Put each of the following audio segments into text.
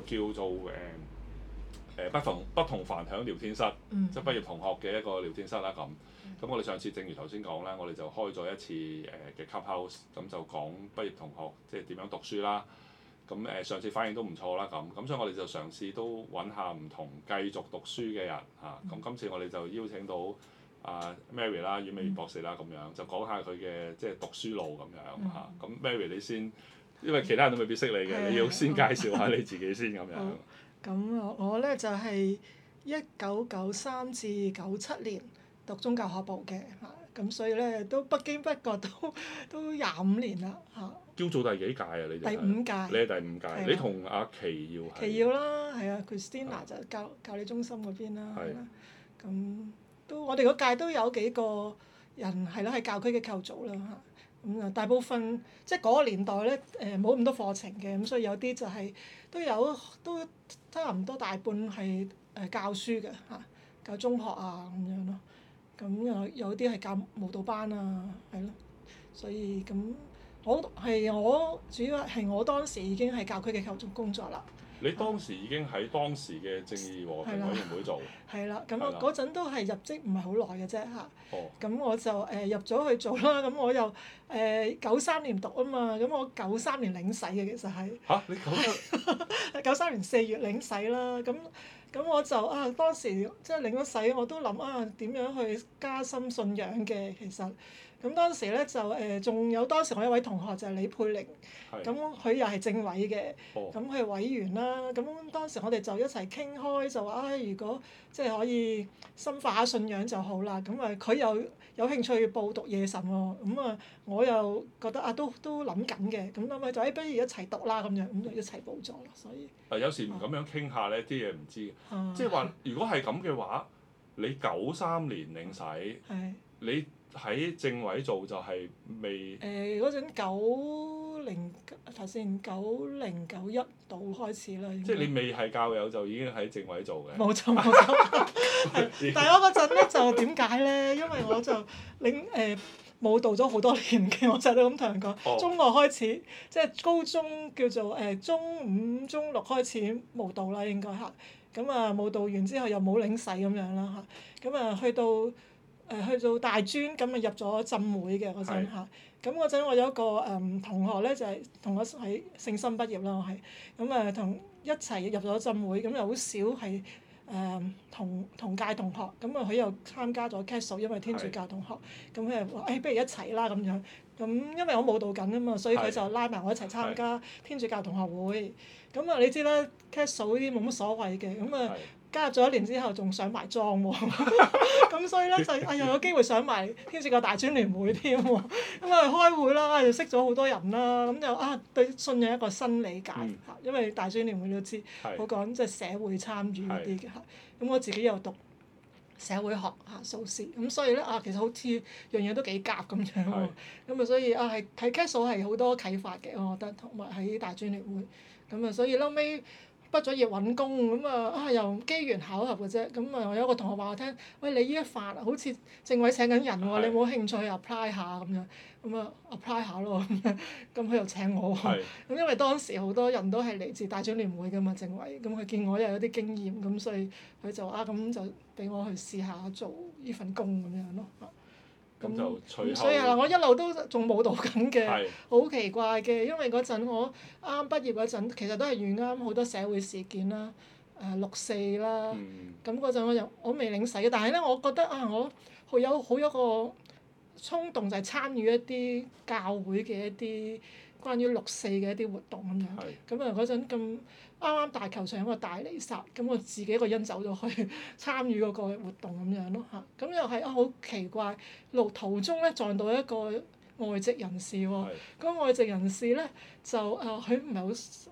就叫做誒誒不同不同凡響聊天室，即係、mm hmm. 畢業同學嘅一個聊天室啦咁。咁我哋上次正如頭先講啦，我哋就開咗一次誒嘅 cuphouse，咁就講畢業同學即係點樣讀書啦。咁誒上次反應都唔錯啦咁，咁所以我哋就嘗試都揾下唔同繼續讀書嘅人嚇。咁、啊啊啊、今次我哋就邀請到阿、啊、Mary 啦，阮美賢博士啦咁樣，就講下佢嘅即係讀書路咁樣嚇。咁、mm hmm. 啊、Mary 你先。因為其他人都未必識你嘅，的你要先介紹下你自己先咁樣。咁、 哦嗯嗯、我我咧就係一九九三至九七年讀宗教學部嘅嚇，咁、嗯、所以咧都不經不覺都都廿五年啦嚇。嗯、叫做第幾屆啊？你哋、就是？第五屆。你第五屆，的你同阿琪要係。琪要啦，係啊 Christina 就教教理中心嗰邊啦。係的。咁都我哋嗰屆都有幾個人係咯，喺教區嘅教組啦嚇。咁啊、嗯，大部分即係嗰個年代咧，誒冇咁多課程嘅，咁、嗯、所以有啲就係都有都差唔多大半係誒教書嘅嚇、啊，教中學啊咁樣咯，咁、嗯、有有啲係教舞蹈班啊，係咯，所以咁、嗯、我係我主要係我當時已經係教區嘅教總工作啦。你當時已經喺當時嘅正義和平的委員會做，係啦，咁我嗰陣都係入職唔係好耐嘅啫嚇，咁的我就誒、呃、入咗去做啦，咁我又誒九三年讀啊嘛，咁我九三年領洗嘅其實係，嚇、啊、你九，九三 年四月領洗啦，咁。咁我就啊，當時即係領咗洗，我都諗啊，點樣去加深信仰嘅其實。咁當時咧就誒，仲、呃、有當時我一位同學就係李佩玲，咁佢又係政委嘅，咁佢、哦、係委員啦。咁當時我哋就一齊傾開，就話啊，如果即係、就是、可以深化下信仰就好啦。咁啊，佢又～有興趣報讀夜神喎、哦，咁、嗯、啊，我又覺得啊，都都諗緊嘅，咁啊咪就誒、哎，不如一齊讀啦咁樣，咁就一齊報咗啦，所以。啊，有時唔咁樣傾下咧，啲嘢唔知嘅，啊、即係話的如果係咁嘅話，你九三年領使，的你喺政委做就係未？誒、呃，嗰陣九。零頭先九零九一度開始啦，即係你未係教友就已經喺政委做嘅。冇錯冇錯，係。但係我嗰陣咧就點解咧？因為我就領誒、呃、舞蹈咗好多年嘅，我成日都咁同人講。Oh. 中學開始，即係高中叫做誒、呃、中五、中六開始舞蹈啦，應該嚇。咁啊，啊，舞蹈完之後又冇領洗咁樣啦嚇。咁啊，啊，啊，去到。誒去到大專咁啊入咗浸會嘅嗰陣嚇，咁嗰陣我有一個誒、嗯、同學咧就係、是、同我喺聖心畢業啦，我係咁啊同一齊入咗浸會，咁又好少係誒、嗯、同同屆同學，咁啊佢又參加咗 Castle，因為天主教同學，咁佢話誒不如一齊啦咁樣，咁因為我舞蹈緊啊嘛，所以佢就拉埋我一齊參加天主教同學會，咁啊是你知啦 Castle 呢啲冇乜所謂嘅，咁啊。加入咗一年之後，仲上埋莊喎，咁 所以咧就哎呀又有機會上埋天主教大專聯會添喎，咁啊開會啦，又識咗好多人啦，咁就啊，啊，啊對信仰一個新理解嚇，嗯、因為大專聯會知是都知，我講即係社會參與嗰啲嘅嚇，咁是、嗯、我自己又讀社會學嚇，碩、啊、士，咁所以咧啊其實好似樣樣都幾夾咁樣喎，咁是啊所以啊係睇 case 數係好多啟發嘅，我覺得同埋喺大專聯會，咁啊所以撈尾。畢咗業，揾工，咁啊啊又機緣巧合嘅啫，咁啊我有個同學話我聽，喂，你依一發好似政委請緊人喎、哦、是的 你冇興趣去 apply 下咁樣，咁啊 apply 下咯，咁樣，咁佢又請我喎，咁是的 因為當時好多人都係嚟自大專聯會嘅嘛政委，咁佢見我又有啲經驗，咁所以佢就啊咁就俾我去試下做依份工咁樣咯。咁所以我一路都仲冇讀緊嘅，好是奇怪嘅，因為嗰陣我啱畢業嗰陣其實都係遇啱好多社會事件、呃、啦，誒六四啦，咁嗰陣我又我未領洗但係咧我覺得啊，我好有好有一個衝動就係參與一啲教會嘅一啲。關於六四嘅一啲活動咁樣，咁啊嗰陣咁啱啱大球場有個大彌撒，咁我自己一個人走咗去 參與嗰個活動咁樣咯嚇，咁又係啊好奇怪，路途中咧撞到一個。外籍人士喎，咁 Yes. 外籍人士咧就誒，佢唔係好，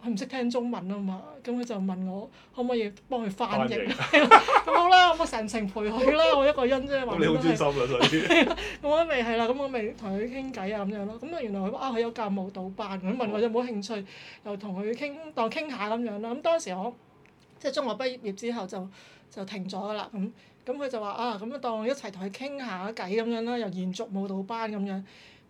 佢唔識聽中文啊嘛，咁佢就問我可唔可以幫佢翻譯，咁翻譯 好啦，我咪成程陪佢啦，我一個人啫。你好專心啊，所以 咁我都未係啦，咁我未同佢傾偈啊咁樣咯，咁啊原來佢啊佢有教舞蹈班，佢問我有冇興趣，又同佢傾當傾下咁樣啦，咁當時我即係中學畢業之後就就停咗啦咁，咁佢就話啊咁啊當一齊同佢傾下偈咁樣啦，又延續舞蹈班咁樣。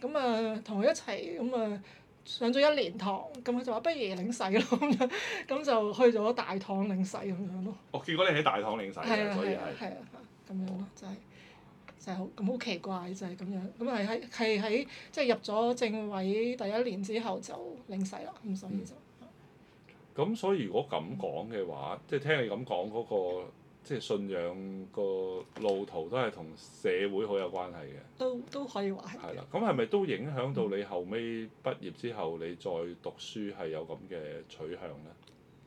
咁啊，同佢一齊咁啊，上咗一年堂，咁佢就話不如領洗咯，咁 樣咁就去咗大堂領洗咁樣咯。哦，結果你喺大堂領洗嘅，所以係。係啊，咁樣咯，就係、是、就係、是、好咁好奇怪就係、是、咁樣，咁係喺係喺即係入咗政委第一年之後就領洗啦，咁所以就。咁、嗯啊、所以如果咁講嘅話，嗯、即係聽你咁講嗰個。即係信仰個路途都係同社會好有關係嘅，都都可以話係。係啦，咁係咪都影響到你後尾畢業之後，嗯、你再讀書係有咁嘅取向咧？誒、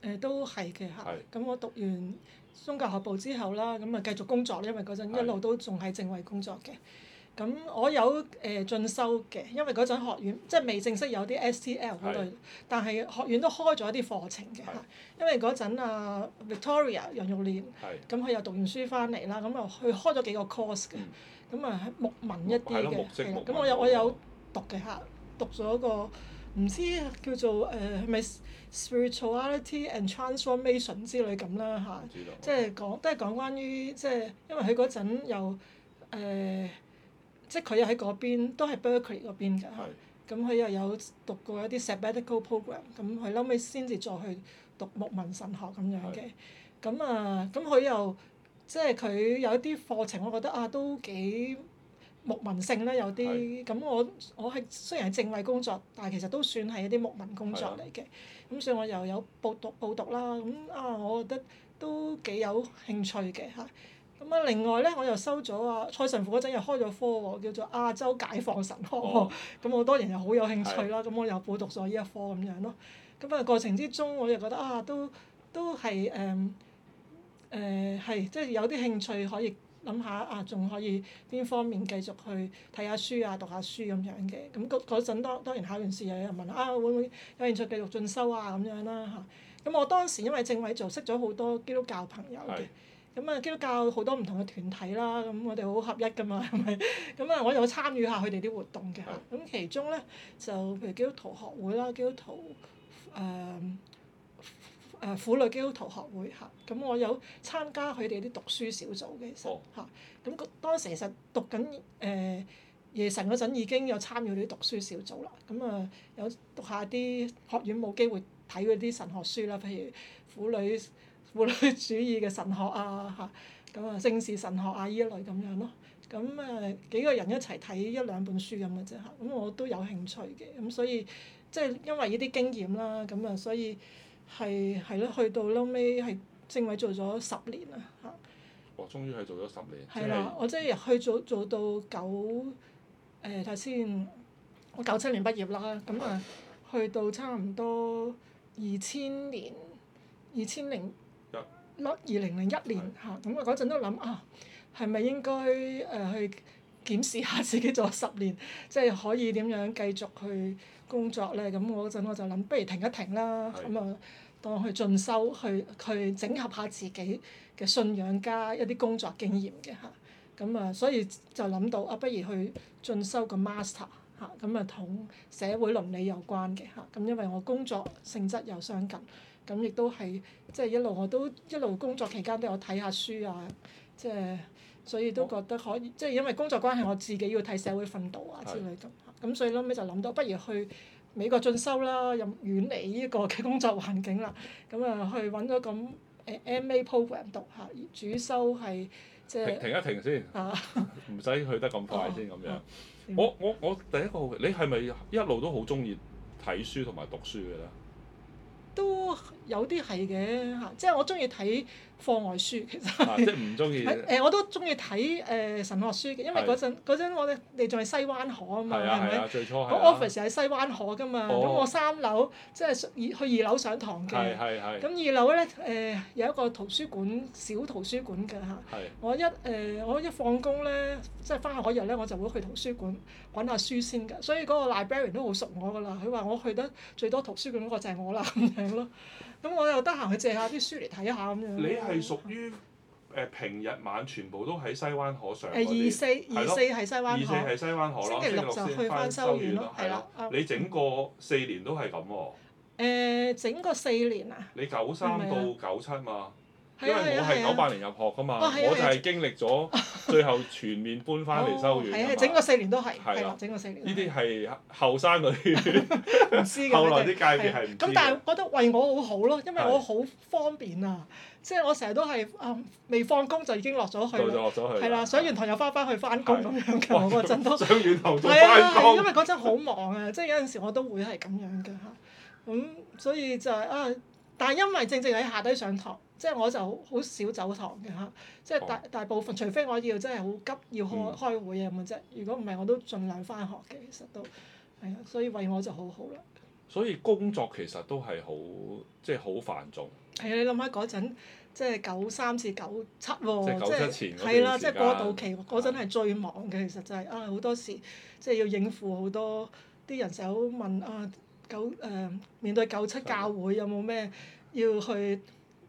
呃，都係嘅嚇。咁的我讀完宗教學部之後啦，咁啊繼續工作，因為嗰陣一路都仲喺政委工作嘅。咁我有誒、呃、進修嘅，因為嗰陣學院即係未正式有啲 S.T.L 嗰類，是但係學院都開咗一啲課程嘅嚇。是因為嗰陣啊 Victoria 楊玉蓮，咁佢是又讀完書翻嚟啦，咁啊去開咗幾個 course 嘅，咁啊牧民一啲嘅，咁我有我有讀嘅嚇，讀咗個唔知叫做誒係、呃、咪 spirituality and transformation 之類咁啦吓，即係講都係講關於即係因為佢嗰陣又誒。呃嗯即佢又喺嗰邊，都係 Berkeley 嗰邊嘅。咁佢是的、嗯、又有讀過一啲 sabbatical program，咁佢撈尾先至再去讀牧民神學咁樣嘅。咁啊是的、嗯，咁、嗯、佢、嗯、又即係佢有一啲課程，我覺得啊都幾牧民性啦。有啲。咁是的、嗯、我我係雖然係政委工作，但係其實都算係一啲牧民工作嚟嘅。咁是的、嗯、所以我又有報讀報讀啦。咁、嗯、啊，我覺得都幾有興趣嘅嚇。啊咁啊，另外咧，我又收咗啊，蔡神父嗰陣又開咗科喎，叫做亞洲解放神學，咁、oh. 嗯、我當然又好有興趣啦，咁的、嗯、我又補讀咗依一科咁樣咯。咁、嗯、啊，過程之中我又覺得啊，都都係誒誒係，即係有啲興趣可以諗下啊，仲可以邊方面繼續去睇下書啊，讀下書咁樣嘅。咁嗰嗰陣，當當然考完試又有人問啊，會唔會有興趣繼續進修啊咁樣啦嚇。咁、啊嗯、我當時因為政委做，識咗好多基督教朋友嘅。咁啊，基督教好多唔同嘅團體啦，咁我哋好合一噶嘛，係咪？咁啊，我有參與下佢哋啲活動嘅。咁其中咧，就譬如基督徒學會啦，基督徒誒誒婦女基督徒學會嚇。咁我有參加佢哋啲讀書小組嘅，嚇、哦。咁當時其實讀緊誒、呃、夜神嗰陣已經有參與啲讀書小組啦。咁啊，有讀下啲學院冇機會睇嗰啲神學書啦，譬如婦女。婦女主義嘅神學啊嚇，咁啊政治神學啊依一類咁樣咯，咁、嗯、誒幾個人一齊睇一兩本書咁嘅啫嚇，咁、啊啊、我都有興趣嘅，咁、啊、所以即係因為依啲經驗啦，咁啊所以係係咯去到撈尾係正位做咗十年啊嚇，哇、哦、終於係做咗十年，係啦是我即係去做做到九睇頭、欸、先我九七年畢業啦，咁啊去到差唔多二千年二千零。二零零一年嚇，咁啊嗰陣都諗啊，係咪應該誒去檢視下自己做十年，即係可以點樣繼續去工作咧？咁我嗰陣我就諗，不如停一停啦。咁啊，當去進修，去去整合下自己嘅信仰加一啲工作經驗嘅嚇。咁啊，所以就諗到啊，不如去進修個 master 嚇，咁啊同社會倫理有關嘅嚇。咁因為我工作性質又相近。咁亦都係，即係一路我都一路工作期間都有睇下書啊，即係所以都覺得可以，我即係因為工作關係我自己要睇社會奮鬥啊之類咁，咁是所以後屘就諗到，不如去美國進修啦，又遠離呢個嘅工作環境啦，咁啊去揾咗咁 M.A. program 讀下，主修係即係停，停一停先，唔使、啊、去得咁快先咁、哦、樣。哦、我我我第一個好奇，你係咪一路都好中意睇書同埋讀書嘅咧？都有啲係嘅嚇，即係我中意睇課外書。其實誒、啊呃，我都中意睇誒神學書嘅，因為嗰陣、啊、陣我哋仲係西灣河啊嘛，係咪、啊？咁 office 喺西灣河噶嘛，咁、哦、我三樓即係去二樓上堂嘅。咁二樓咧誒、呃、有一個圖書館小圖書館嘅嚇。啊、是我一誒、呃、我一放工咧，即係翻學嗰日咧，我就會去圖書館揾下書先嘅。所以嗰個 librarian 都好熟我噶啦，佢話我去得最多圖書館嗰個就係我啦 咯，咁我又得閒去借下啲書嚟睇下咁樣。你係屬於誒，平日晚全部都喺西灣河上。誒、嗯、你二四咯二四係西灣河。二四係西灣河咯，星期六就去返修院咯，係、嗯、咯。你整個四年都係咁喎。誒，整個四年啊。你九三到九七嘛。因為我係九八年入學噶嘛，我就係經歷咗最後全面搬翻嚟修院。係啊，整個四年都係。係啦，整個四年。呢啲係後生女，後來啲界別係唔知。咁但係覺得為我好好咯，因為我好方便啊，即係我成日都係啊，未放工就已經落咗去。到咗落咗去。係啦，上完堂又翻返去翻工咁樣㗎，我嗰陣都。上完堂都翻工。因為嗰陣好忙啊，即係有陣時我都會係咁樣㗎嚇，咁所以就係啊，但係因為正正喺下低上堂。即係我就好少走堂嘅嚇，即係大大部分，除非我要真係好急要開開會啊咁啫。如果唔係，我都盡量返學嘅。其實都係啊，所以為我就好好啦。所以工作其實都係好即係好繁重。係啊，你諗下嗰陣即係九三至九七喎，即係係啦，即係過渡期嗰陣係最忙嘅。其實就係、是、啊，好多時即係、就是、要應付好多啲人成日問啊九誒、呃、面對九七教會有冇咩要去。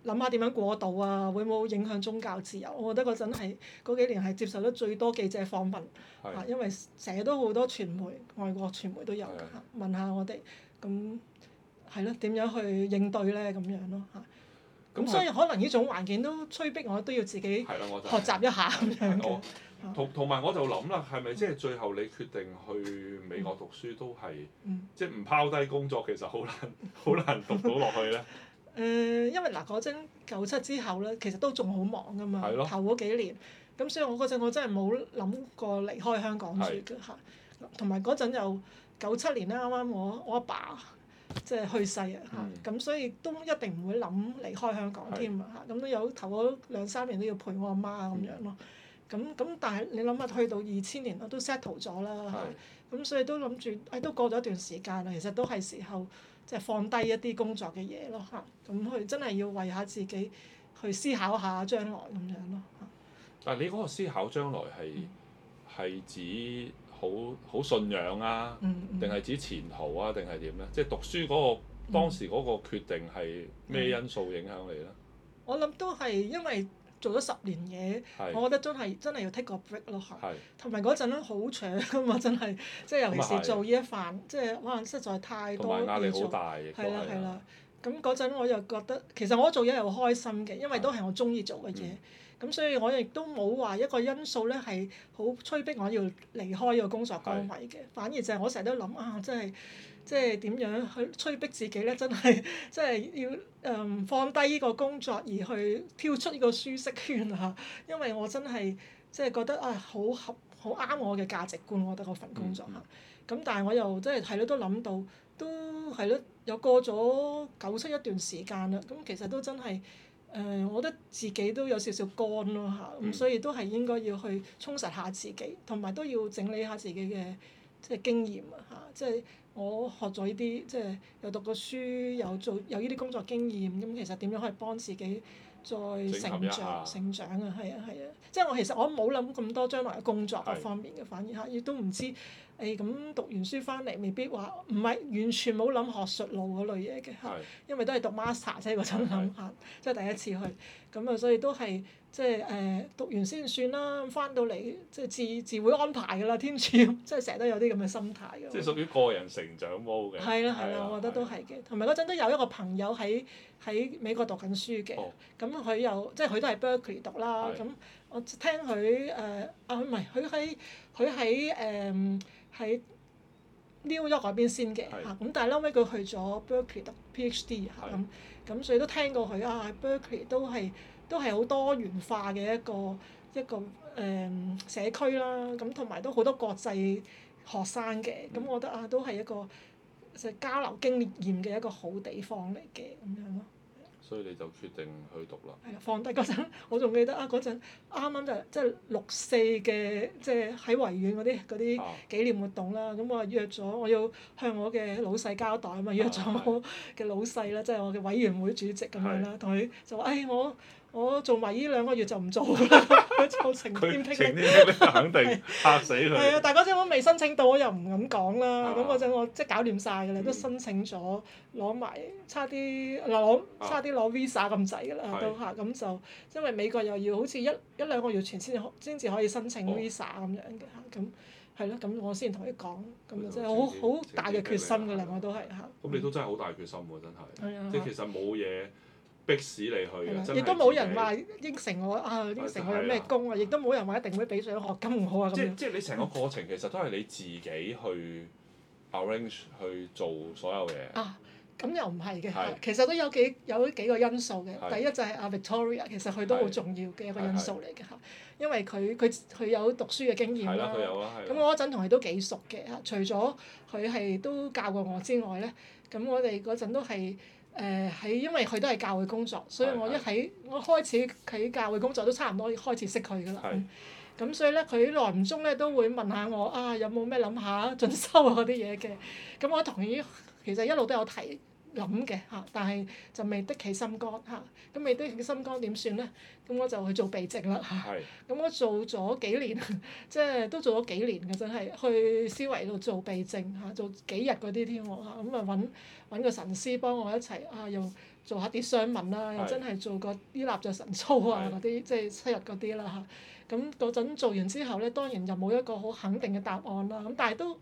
諗下點樣過渡啊？會唔會影響宗教自由？我覺得嗰陣係嗰幾年係接受得最多記者訪問嚇，的因為成日都好多傳媒，外國傳媒都有嚇，的問下我哋咁係咯點樣去應對咧？咁樣咯嚇。咁、嗯、所以可能呢種環境都催逼我都要自己學習一下咁樣，同同埋我就諗、是、啦，係咪即係最後你決定去美國讀書都係、嗯、即係唔拋低工作，其實好難好難讀到落去咧。誒、嗯，因為嗱嗰陣九七之後咧，其實都仲好忙噶嘛，的頭嗰幾年，咁所以我嗰陣我真係冇諗過離開香港住嘅嚇，同埋嗰陣又九七年咧，啱啱我我阿爸，爸即係去世啊，咁的的所以都一定唔會諗離開香港添啊，咁都有頭嗰兩三年都要陪我阿媽咁樣咯，咁咁的但係你諗下，去到二千年我都 settle 咗啦，咁所以都諗住誒都過咗一段時間啦，其實都係時候。即係放低一啲工作嘅嘢咯嚇，咁、嗯、佢、嗯、真係要為下自己去思考下將來咁樣咯。但係你嗰個思考將來係係、嗯、指好好信仰啊，定係、嗯嗯、指前途啊，定係點咧？即係讀書嗰、嗰個、嗯、當時嗰個決定係咩因素影響你咧、嗯嗯？我諗都係因為。做咗十年嘢，是我覺得真係真係要 take 個 break 咯，同埋嗰陣好搶啊嘛，真係，即係尤其是做呢一份，即係的可能實在太多嘢做。壓力好大，係啦係啦。咁嗰陣我又覺得，其實我做嘢又開心嘅，因為都係我中意做嘅嘢。咁的所以我亦都冇話一個因素咧係好催逼我要離開呢個工作崗位嘅，的反而就係我成日都諗啊，真係。即係點樣去催逼自己咧？真係即係要誒、嗯、放低依個工作而去跳出依個舒適圈啊！因為我真係即係覺得啊，好合好啱我嘅價值觀，我覺得嗰份工作嚇。咁但係我又即係係咯，都諗到，都係咯，又過咗九七一段時間啦。咁其實都真係誒、呃，我覺得自己都有少少乾咯嚇。咁所以都係應該要去充實下自己，同埋都要整理下自己嘅即係經驗嚇，即係。我學咗依啲，即係又讀過書，又做有依啲工作經驗，咁、嗯、其實點樣可以幫自己再成長、成長啊？係啊，係啊，即係我其實我冇諗咁多將來嘅工作嗰方面嘅，的反而嚇亦都唔知誒咁、哎、讀完書翻嚟未必話唔係完全冇諗學術路嗰類嘢嘅，的因為都係讀 master 啫，嗰陣諗下，即係第一次去，咁啊，所以都係。即係誒讀完先算啦，翻到嚟即係自自會安排㗎啦，添賜，即係成日都有啲咁嘅心態嘅。即係屬於個人成長模式嘅。係啦係啦，我覺得都係嘅，同埋嗰陣都有一個朋友喺喺美國讀緊書嘅，咁佢又即係佢都係 Berkeley 讀啦，咁我聽佢誒啊唔係，佢喺佢喺誒喺 New York 嗰邊先嘅嚇，咁但係嬲尾佢去咗 Berkeley 讀 PhD 嚇咁，咁所以都聽過佢啊，Berkeley 都係。都係好多元化嘅一個一個誒、嗯、社區啦，咁同埋都好多國際學生嘅，咁、嗯、我覺得啊，都係一個就係交流經驗嘅一個好地方嚟嘅咁樣咯。所以你就決定去讀啦。係啊，放低嗰陣，我仲記得啊，嗰陣啱啱就即係六四嘅，即係喺維園嗰啲嗰啲紀念活動啦。咁、啊、我約咗我要向我嘅老細交代啊嘛，約咗我嘅老細啦，即係、啊、我嘅委員會主席咁樣啦，同佢、嗯、就話誒、哎、我。我做埋依兩個月就唔做啦，就成年拼嘅。肯定嚇死佢。係啊，大家即我未申請到，我又唔敢講啦。咁嗰陣我即搞掂晒嘅啦，都申請咗攞埋，差啲攞差啲攞 visa 咁滯嘅啦，都嚇，咁就因為美國又要好似一一兩個月前先至可以申請 visa 咁樣嘅，咁係咯，咁我先同你講，咁真係好好大嘅決心㗎啦，我都係嚇。咁你都真係好大決心喎，真係，即其實冇嘢。逼使你去亦吧都冇人話應承我啊，應承我有咩工啊，亦的都冇人話一定會俾獎學金唔好啊，咁樣即即係你成個過程其實都係你自己去 arrange 去做所有嘢。啊，咁又唔係嘅，的其實都有幾有幾個因素嘅。的第一就係啊 Victoria，其實佢都好重要嘅一個因素嚟嘅嚇，因為佢佢佢有讀書嘅經驗啦。咁我嗰陣同佢都幾熟嘅，除咗佢係都教過我之外咧，咁我哋嗰陣都係。誒，喺因為佢都係教會工作，所以我一喺的我開始喺教會工作都差唔多開始識佢噶啦。咁的所以咧，佢耐唔中咧都會問下我啊，有冇咩諗下進修啊嗰啲嘢嘅。咁我，我同意，其實一路都有提。諗嘅嚇，但係就未的起心肝嚇。咁未的起心肝點算咧？咁我就去做避靜啦，咁我做咗幾年，即係都做咗幾年嘅，真係，去思維度做避靜嚇，做幾日嗰啲添喎，咁啊，揾揾個神師幫我一齊啊，又做下啲相問啦，又真係做個啲依納爵神操啊嗰啲，即係七日嗰啲啦嚇。咁嗰陣做完之後咧，當然就冇一個好肯定嘅答案啦。咁但係都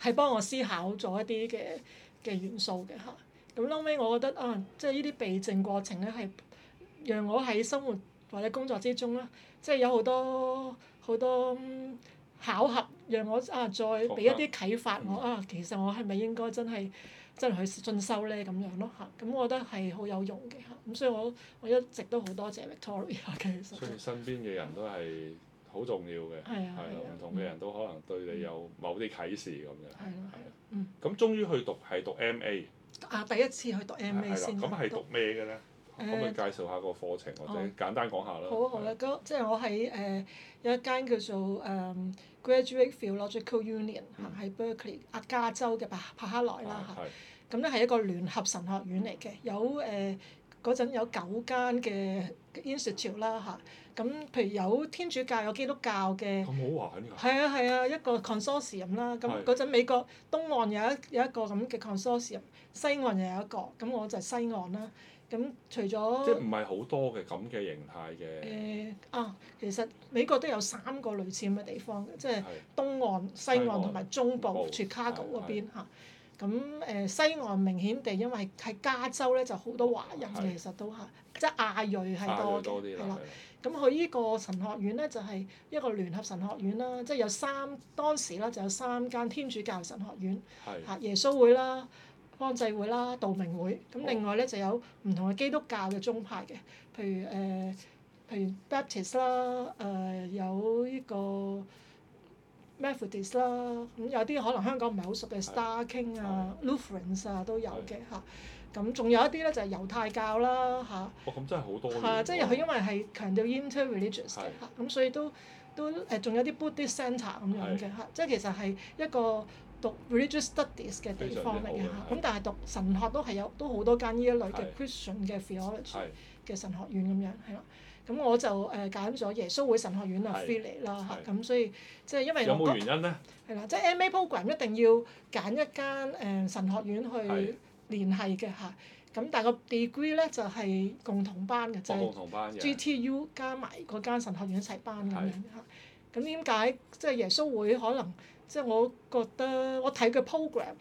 係幫我思考咗一啲嘅。嘅元素嘅嚇，咁、嗯、後尾我覺得啊，即係呢啲備證過程咧，係讓我喺生活或者工作之中咧，即係有好多好多巧合，讓我啊再俾一啲啟發我啊，其實我係咪應該真係真係去進修咧，咁樣咯嚇，咁、嗯、我覺得係好有用嘅嚇，咁所以我我一直都好多謝 Victoria 嘅。所以身邊嘅人都係。好重要嘅，係咯，唔同嘅人都可能對你有某啲啟示咁樣。係咯，嗯。咁終於去讀係讀 M.A. 啊，第一次去讀 M.A. 先。係咁係讀咩嘅咧？可唔可以介紹下個課程或者簡單講下啦。好啊好啊，即係我喺有一間叫做誒 Graduate Theological Union，喺 Berkeley 啊加州嘅吧，柏克萊啦嚇。係。咁咧係一個聯合神學院嚟嘅，有誒。嗰陣有九間嘅 institute 啦吓，咁譬如有天主教有基督教嘅，咁好玩呢個？係啊係啊，一個 consortium 啦、啊，咁嗰陣美國東岸有一有一個咁嘅 consortium，西岸又有一個，咁我就係西岸啦。咁、啊、除咗即唔係好多嘅咁嘅形態嘅誒、呃、啊，其實美國都有三個類似咁嘅地方，即係東岸、西岸同埋岸中部，喺 Chicago 嗰邊。咁誒、呃、西岸明顯地，因為喺加州咧就好多華人，的其實都係即係亞裔係多啲，係啦。咁佢依個神學院咧就係、是、一個聯合神學院啦，即、就、係、是、有三當時啦就有三間天主教神學院，嚇的耶穌會啦、方濟會啦、道明會。咁另外咧好就有唔同嘅基督教嘅宗派嘅，譬如誒、呃，譬如 Baptist 啦，誒、呃、有依、這個。Methodist 啦，咁有啲可能香港唔係好熟嘅 Star King 啊、Lutherans 啊都有嘅嚇，咁仲有一啲咧就係猶太教啦嚇。哦，咁真係好多。係啊，即係佢因為係強調 interreligious 嚇，咁所以都都誒仲有啲 Buddhist centre 咁樣嘅嚇，即係其實係一個讀 religious studies 嘅地方嚟嘅嚇，咁但係讀神學都係有都好多間呢一類嘅 Christian 嘅 Theology 嘅神學院咁樣係啦。咁我就誒揀咗耶穌會神學院啊 Philly 啦嚇，咁所以即係因為有冇原因咧？係啦、啊，即係 MA program 一定要揀一間誒、呃、神學院去聯繫嘅嚇。咁、啊、但係個 degree 咧就係、是、共同班嘅，即係 GTU 加埋嗰間神學院一齊班咁樣嚇。咁點解即係耶穌會可能即係我覺得我睇佢 program？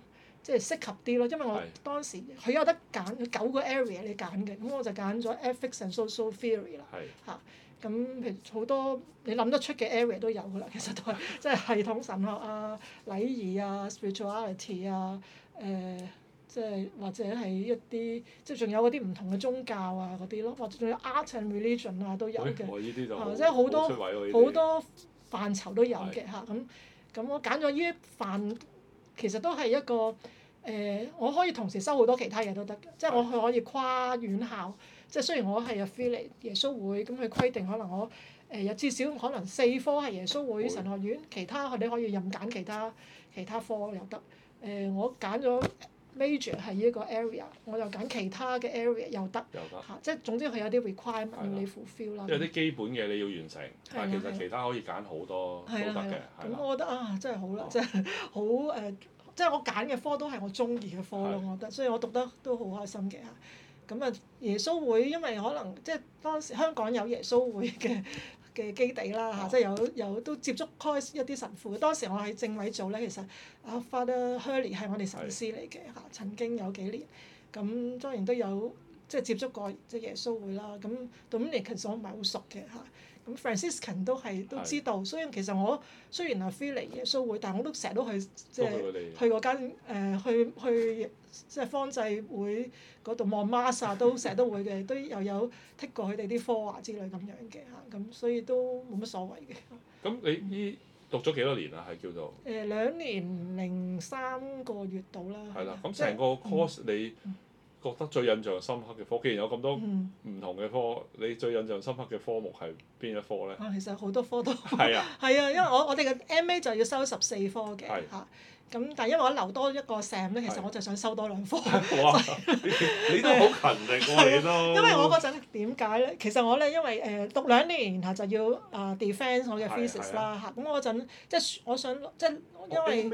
即係適合啲咯，因為我當時佢有得揀九個 area 你揀嘅，咁我就揀咗 ethics and social theory 啦嚇。咁是、啊、譬如好多你諗得出嘅 area 都有嘅啦，其實都係即係系統神學啊、禮儀啊、spirituality 啊、誒、呃，即係或者係一啲即係仲有嗰啲唔同嘅宗教啊嗰啲咯，或者仲有 art and religion 啊都有嘅。哎啊、即係好多好多範疇都有嘅嚇，咁咁是、啊、我揀咗呢啲範。其實都係一個誒、呃，我可以同時收好多其他嘢都得嘅。即係我係可以跨院校。即係雖然我係入菲律耶穌會咁佢規定，可能我誒有、呃、至少可能四科係耶穌會神學院，其他你可以任揀其他其他科又得。誒、呃，我揀咗。major 係呢一個 area，我就揀其他嘅 area 又得，嚇、啊，即係總之佢有啲 requirement 要的你 fulfill 啦。有啲基本嘅你要完成，的但其實其他可以揀好多都得嘅。咁我覺得啊，真係好啦、哦呃，真係好誒，即係我揀嘅科都係我中意嘅科咯，我覺得，所以我讀得都好開心嘅嚇。咁啊，耶穌會因為可能即係當時香港有耶穌會嘅。嘅基地啦吓、啊，即係有有都接觸開一啲神父。當時我喺政委做咧，其實阿、啊、Father Hurley 係我哋神師嚟嘅吓，曾經有幾年。咁、啊、當然都有即係接觸過，即係耶穌會啦。咁咁 Dominic 其實我唔係好熟嘅吓。啊咁 Franciscan 都係都知道，所以其實我雖然係非嚟耶穌會，但係我都成日 都去即係去嗰間去去即係方濟會嗰度望 mass 啊，都成日都會嘅，都又有剔過佢哋啲科啊之類咁樣嘅嚇，咁所以都冇乜所謂嘅。咁你依讀咗幾多年啊？係叫做誒兩年零三個月度啦。係啦，咁成個 course、嗯、你。覺得最印象深刻嘅科，既然有咁多唔同嘅科，你最印象深刻嘅科目係邊一科咧？其實好多科都係啊，係啊，因為我我哋嘅 M.A. 就要收十四科嘅嚇，咁但係因為我留多一個 Sam 咧，其實我就想收多兩科。哇！你都好勤力，我記得。因為我嗰陣點解咧？其實我咧，因為誒讀兩年，然後就要啊 defense 我嘅 physics 啦嚇。咁我嗰陣即係我想即係因為。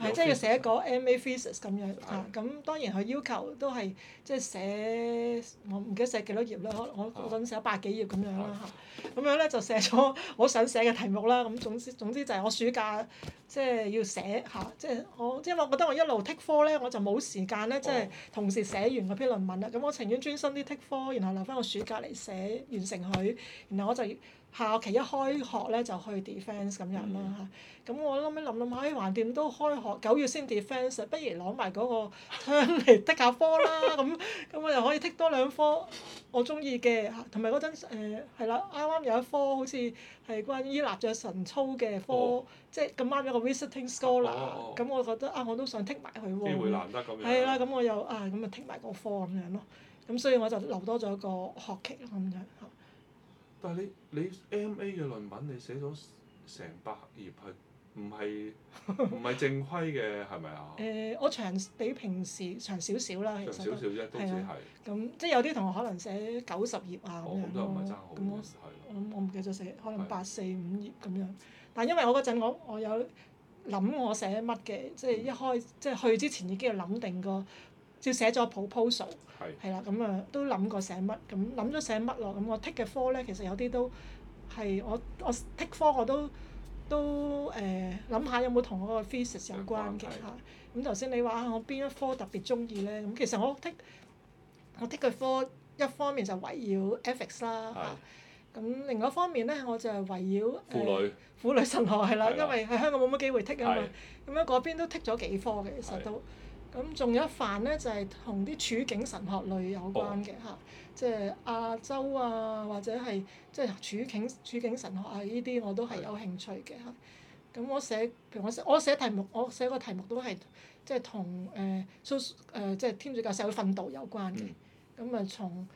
係，是 Okay. 即係要寫個 M.A.Thesis 咁樣咁 Okay.、啊、當然佢要求都係即係寫，我唔記得寫幾多，多頁啦，可能我諗寫百幾頁咁樣啦嚇，咁樣咧就寫咗我想寫嘅題目啦，咁總之總之就係我暑假即係要寫嚇、啊、即係我即係我覺得我一路剔科咧，我就冇時間咧，Okay. 即係同時寫完嗰篇論文啦，咁我情願專心啲剔科，然後留翻個暑假嚟寫完成佢，然後我就。下學期一開學咧就去 defence 咁樣啦咁、嗯、我諗一諗諗，唉橫掂都開學九月先 defence，不如攞埋嗰個 term 嚟剔下科、 呃、啦，咁咁我又可以剔多兩科，我中意嘅，同埋嗰陣誒係啦，啱啱有一科好似係關於依納爵神操嘅科，即係咁啱有個 visiting scholar，咁、哦、我覺得啊我都想剔埋佢喎，係啦，咁、啊、我又啊咁啊剔埋嗰科咁樣咯，咁所以我就留多咗個學期咁樣。啊但係你你 M.A. 嘅論文你寫咗成百頁，係唔係唔係正規嘅，係咪啊？誒、 呃，我長比平時長少少啦，少少啫，都只係啊，係啊，咁即係有啲同學可能寫九十頁啊咁樣，哦、唔係爭好多，咁我唔記得寫，可能八四五頁咁樣。但係因為我嗰陣我我有諗我寫乜嘅，即係一開即係去之前已經有諗定過。照寫咗 proposal，係啦，咁啊都諗過寫乜，咁諗咗寫乜咯，咁我剔嘅科咧，其實有啲都係我我剔科我都都誒諗下有冇同我個 thesis 有關嘅吓，咁頭先你話我邊一科特別中意咧，咁其實我剔，我剔嘅科一方面就圍繞 ethics 啦嚇的，咁另外一方面咧我就係圍繞婦女婦、呃、女神學係啦，的因為喺香港冇乜機會剔啊嘛，咁樣嗰邊都剔咗幾科嘅，其實都。咁仲有一範咧，就係同啲處境神學類有關嘅嚇，即、就、係、是、亞洲啊，或者係即係處境處境神學啊，依啲我都係有興趣嘅咁是的、啊、我寫，譬如我寫我寫題目，我寫個題目都係即係同誒 social 誒即係天主教社會訓導有關嘅。咁啊、嗯嗯，從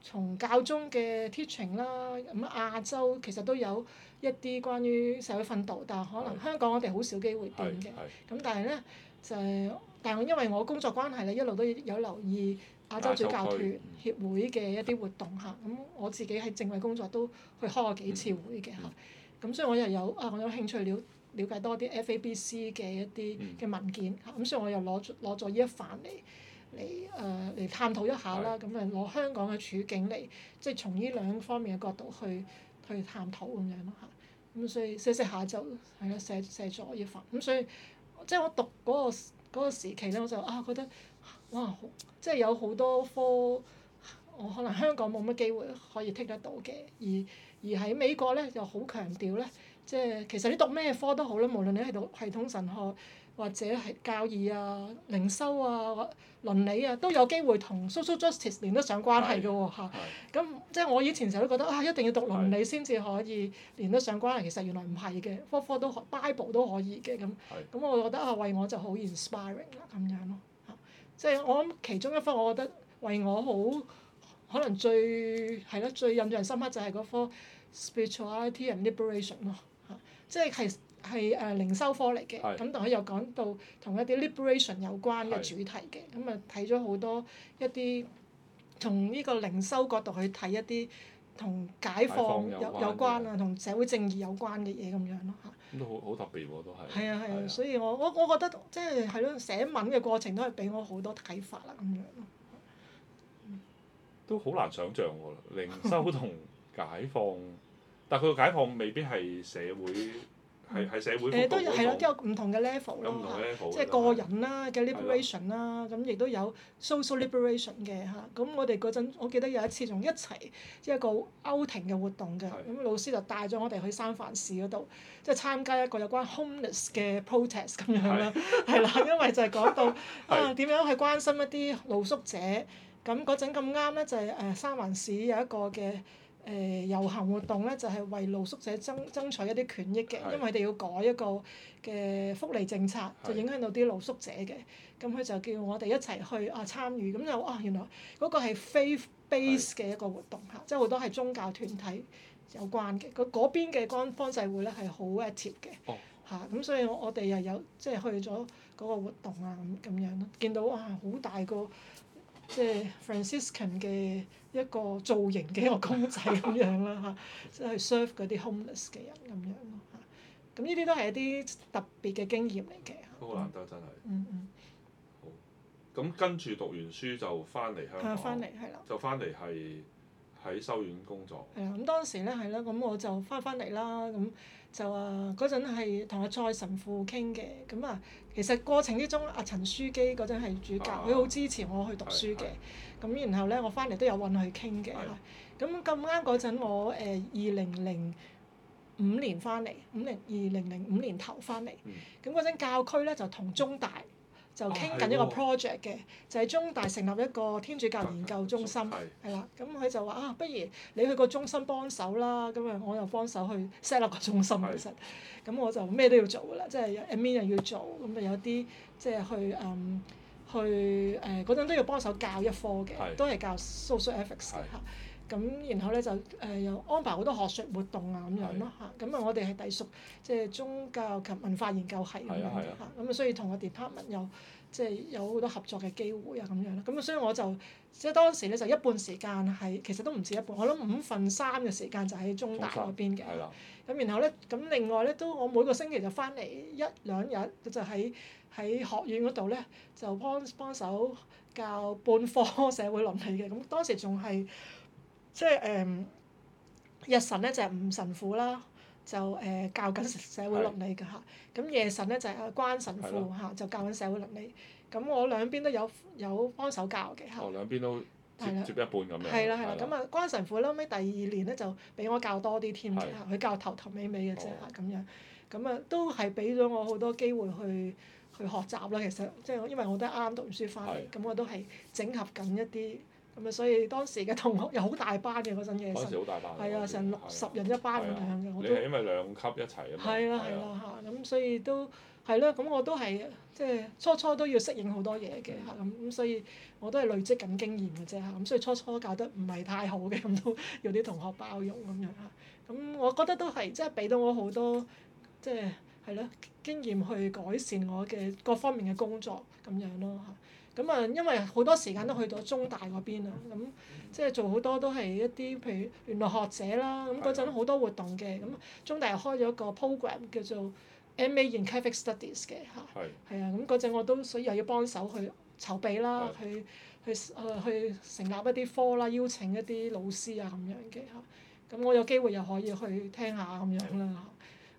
從教宗嘅 teaching 啦，咁、啊、亞洲其實都有一啲關於社會訓導，但係可能香港我哋好少機會點嘅。咁但係咧就係、是就是。但係我因為我工作關係咧，一路都有留意亞洲主教團協會嘅一啲活動嚇，咁我自己喺政委工作都去開過幾次會嘅嚇，咁、hmm. 啊嗯嗯、所以我又有啊，我有興趣了了解多啲 F A B C 嘅一啲嘅文件咁、嗯啊嗯、所以我又攞攞咗呢一份嚟嚟誒嚟探討一下啦，咁誒攞香港嘅處境嚟即係從呢兩方面嘅角度去去探討咁樣咯嚇，咁、啊、所以寫寫下就係咯寫寫咗一份，咁、啊、所以即係我讀嗰、那個。嗰個時期咧，我就啊覺得哇，即係有好多科，我可能香港冇乜機會可以聽得到嘅，而而喺美國咧就好強調咧，即係其實你讀咩科都好啦，無論你係讀系統神學。或者係教義啊、靈修啊、倫理啊，都有機會同 social justice 連得上關係嘅喎。咁即係我以前成日都覺得啊，一定要讀倫理先至可以連得上關係，的其實原來唔係嘅，科科都可 Bible 都可以嘅咁。咁的我覺得啊，為我就好 inspiring 啦咁樣咯、啊、即係我諗其中一科，我覺得為我好可能最係咯最印象深刻就係嗰科 spirituality and liberation 咯，即係係。係誒靈修科嚟嘅，咁但係又講到同一啲 liberation 有關嘅主題嘅，咁啊睇咗好多一啲從呢個靈修角度去睇一啲同解放有解放有關啊，同社會正義有關嘅嘢咁樣咯嚇。咁都好好特別喎、啊，都係。係啊係啊，啊啊所以我我我覺得即係係咯寫文嘅過程都係俾我好多睇法啦，咁樣都好難想像喎，靈修同解放， 但係佢個解放未必係社會。 喺喺社會都咯，都有唔同嘅 level 咯，即係個人啦嘅 liberation 啦，咁是亦的都有 social liberation 嘅吓。咁我哋嗰陣，我記得有一次仲一齊一個 outing 嘅活動嘅，咁是的 老師就帶咗我哋去三藩市嗰度，即、就、係、是、參加一個有關 homeless 嘅 protest 咁樣啦，係啦，因為就係講到是的 啊點樣去關心一啲露宿者。咁嗰陣咁啱咧，就係、是、誒三藩市有一個嘅。誒、呃、遊行活動咧就係、是、為露宿者爭爭取一啲權益嘅，因為佢哋要改一個嘅福利政策，就影響到啲露宿者嘅。咁佢是的 就叫我哋一齊去啊參與，咁就哇、啊、原來嗰個係 faith base 嘅一個活動嚇，即係好多係宗教團體有關嘅。佢嗰邊嘅幹方濟會咧係好 active 嘅嚇，咁、哦啊、所以我哋又有即係、就是、去咗嗰個活動啊咁咁樣咯，見到哇好、啊、大個。即係 Franciscan 嘅一個造型嘅一個公仔咁樣啦嚇，即係 serve 嗰啲 homeless 嘅人咁樣咯嚇。咁呢啲都係一啲特別嘅經驗嚟嘅。都好難得真係。嗯嗯。好。咁跟住讀完書就翻嚟香港。啊，翻嚟係啦。就翻嚟係喺修院工作。係啊，咁當時咧係啦，咁我就翻翻嚟啦咁。就啊，嗰陣係同阿蔡神父傾嘅，咁啊，其實過程之中，阿陳書基嗰陣係主教，佢好、啊、支持我去讀書嘅，咁、啊、然後咧，我翻嚟都有搵佢傾嘅，咁咁啱嗰陣我誒二零零五年翻嚟，五零二零零五年頭翻嚟，咁嗰陣教區咧就同中大，就傾緊一個 project 嘅，啊、就係中大成立一個天主教研究中心，係啦。咁 佢樂、嗯、就話啊，不如你去個中心幫手啦。咁、嗯、啊，我又幫手去 set up 個中心。其實咁我就咩都要做噶啦，即、就、係、是、admin 又要做，咁、嗯、啊有啲即係去嗯去誒嗰陣都要幫手教一科嘅，的都係教 social ethics 的咁然後咧就誒又、呃、安排好多學術活動啊，咁的樣咯嚇。咁、嗯、啊，我哋係隸屬即係宗教及文化研究系咁樣嘅咁啊，所以同個 department 又即係有好多合作嘅機會啊，咁樣咯。咁、嗯、所以我就即係當時咧就一半時間係其實都唔止一半，我諗五分三嘅時間就喺中大嗰邊嘅。咁然後咧，咁另外咧都我每個星期就翻嚟一兩日，就喺喺學院嗰度咧就幫幫手教半科社會倫理嘅。咁當時仲係。即係誒日神咧就係吳神父啦，就誒教緊社會倫理㗎嚇。咁夜神咧就係阿關神父嚇了，就教緊社會倫理。咁我兩邊都有有幫手教嘅嚇。哦，兩邊都接一半咁樣。係啦係啦，咁啊關神父後尾第二年咧就俾我教多啲添，佢教頭頭尾尾嘅啫咁樣。咁啊都係俾咗我好多機會去去學習啦。其實即係因為我都啱啱讀完書翻嚟，咁我都係整合緊一啲。咁啊，所以當時嘅同學又好大班嘅，嗰陣嘅時，啊，成六十人一班咁樣嘅。你係因為兩級一齊啊？係啦係啦，咁所以都係咯，咁我都係即係初初都要適應好多嘢嘅，咁所以我都係累積緊經驗嘅啫，咁所以初初教得唔係太好嘅，咁都要啲同學包容咁樣，咁我覺得都係即係俾到我好多即係係咯，經驗去改善我嘅各方面嘅工作咁樣咯。咁啊，因為好多時間都去到中大嗰邊啊，咁即係做好多都係一啲譬如聯絡學者啦，咁嗰陣好多活動嘅，咁中大又開咗個 programme，叫做 MA in Catholic Studies 嘅嚇，啊的，咁嗰陣我都所以又要幫手去籌備啦，的去去誒、呃、去成立一啲科啦，邀請一啲老師啊咁樣嘅，咁我有機會又可以去聽下咁樣啦。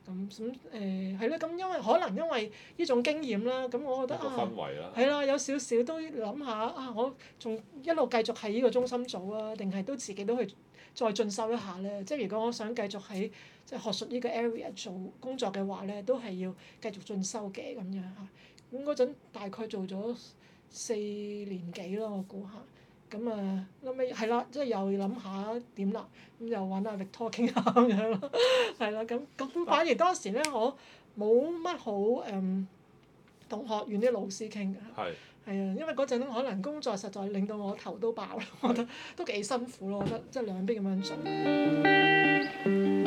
咁咁誒，係咯，咁因為可能因為呢種經驗啦，咁我覺得氛圍啊，係啦，有少少都諗下啊，我仲一路繼續喺呢個中心做啊，定係都自己都去再進修一下咧。即係如果我想繼續喺即係學術呢個 area 做工作嘅話咧，都係要繼續進修嘅咁樣嚇。咁嗰陣大概做咗四年幾咯，我估下。咁啊，咁咪係啦，即係又諗下點啦，咁又揾阿力拖傾下咁樣咯，係啦，咁咁、啊啊啊啊、反而當時咧，我冇乜好誒同學院啲老師傾嘅，係啊是，因為嗰陣可能工作實在令到我頭都爆啦，我覺得都幾辛苦咯，我覺得即係兩邊咁樣做。